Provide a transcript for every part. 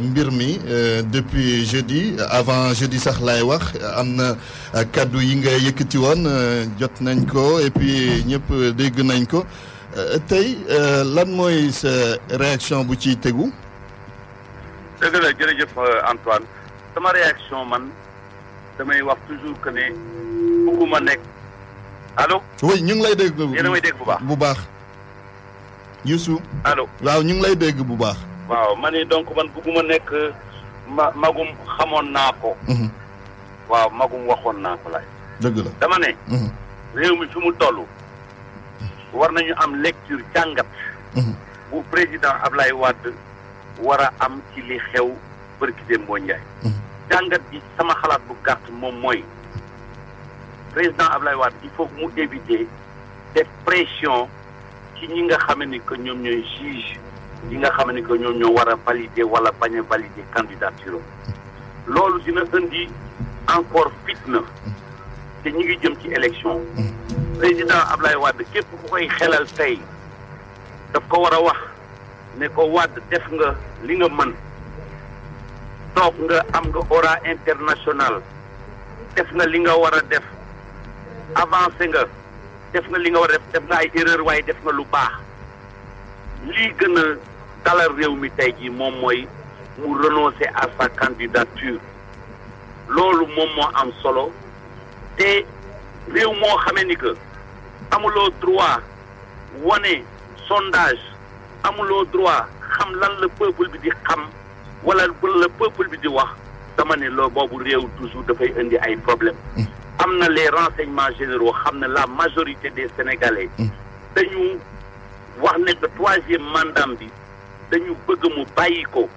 mbir mi euh, depuis jeudi avant jeudi sax laay wax am na kàddu yi ngay yëkkati woon euh, jot nañ ko et puis ñëpp dégg nañ ko euh, tey lan mooy sa réaction bu ciy tegu. dëgg la jërëjëf Antoine man damay wax toujours que ne bëgguma nekk allo. oui ñu ngi lay dégg. yéen bu baax bu baax. Youssou. waaw ñu ngi lay dégg bu baax. waaw ma ni donc man bëgguma nekk ma magum xamoon naa ko. Mhm. waaw magum waxoon naa ko laay. dëgg la dama ne. Mhm. réew mi fi mu toll. war nañu am lecture jàngat. Mhm. bu président lay Wade war a am ci li xew bërki Dembo Ndiaye. jàngat bi sama xalaat bu gàtt moom mooy président lay Wade il faut mu éviter def pression ci ñi nga xam ni que ñoom ñooy juge. li nga xam ne que ñoom ñoo war a valider wala bañ a valider candidature loolu dina indi encore fitna te ñu ngi jëm ci élection am lay Wade képp ku koy xelal tey daf ko war a wax ne ko Wade def nga li nga mën toog nga am nga aura international def nga li nga war a def avancé nga def nga li nga war def def nga ay erreur waaye def nga lu baax lii gën a dalal réew mi tey jii moom mooy mu renoncer à sa candidature loolu moom moo am solo te réew moo xamee ni que amuloo droit wane sondage amuloo droit xam lan la peuple bi di xam wala la peuple bi di wax sama ne loo boobu réew toujours dafay indi ay problème am na les renseignements généraux xam ne la majorité des sénégalais mm. dañu wax ne que troisième mandat bi dañu bëgg mu bàyyi ko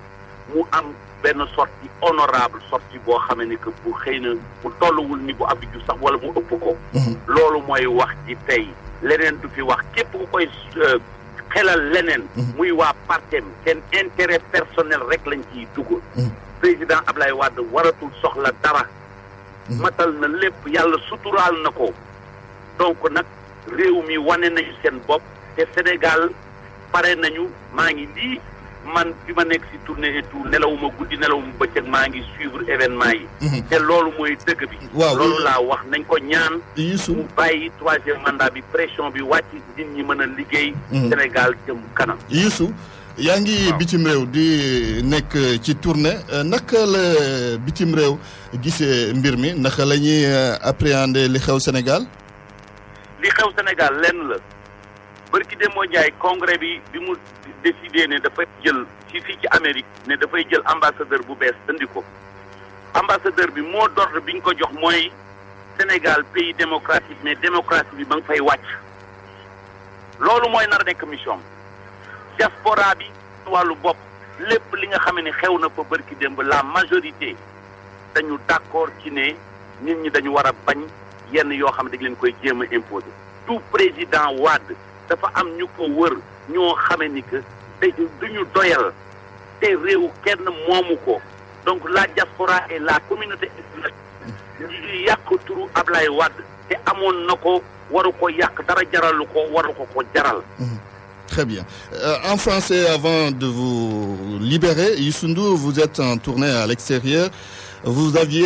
mu am benn sortie honorable sortie boo xamee ni que bu xëy na bu tolluwul ni bu Abdou ju sax wala mu ëpp ko mhm. loolu mooy wax ji tey leneen du fi wax képp ku koy euh, xelal leneen mhm. muy waa partem seen intérêt personnel rek lañ ciy dugal mhm. président Ablaye Wade waratul soxla dara matal na lépp yàlla suturaal na ko donc nag réew mi wane nañu seen bopp te Sénégal pare nañu maa ngi lii man bi ma nekk ci tournée et tout nelawuma guddi nelawuma bëccëg maa ngi suivre événement yi. Mhm. te loolu mooy dëgg bi. waaw loolu laa wax nañ ko ñaan. mu bàyyi troisième mandat bi pression bi wàcc nit ñi mën a liggéey. Mhm. Sénégal jëm kanam. Youssou yaa ngi bitim réew di nekk ci tournée euh, naka la bitim réew gisee mbir mi naka lañuy ñuy euh, appréhender li xew Sénégal. li xew Sénégal lenn la. bërki demoo jaay congrès bi bi mu décidé ne dafay jël ci fii ci Amérique ne dafay jël ambassadeur bu bees indi ko ambassadeur bi moo dord bi ñu ko jox mooy Sénégal pays démocratique mais démocratie bi ba nga fay wàcc loolu mooy nar nekk mission diaspora bi wàllu bopp lépp li nga xam ne xew na fa bërki démb la majorité dañu d'accord ci ne nit ñi dañu war a bañ yenn yoo xam ne dañ leen koy jéem a imposer tout président Wade dafa am ñu ko wër ñoo xame ni que te duñu doyal te réew kenn moomu ko donc la diaspora et la communauté internationale ñu ngi yàq turu Ablaye Wade te amoon na ko waru ko yàq dara jaralu ko waru ko ko jaral mhm. Très bien. Euh, en français, avant de vous libérer, Youssou vous êtes en tournée à l'extérieur. Vous aviez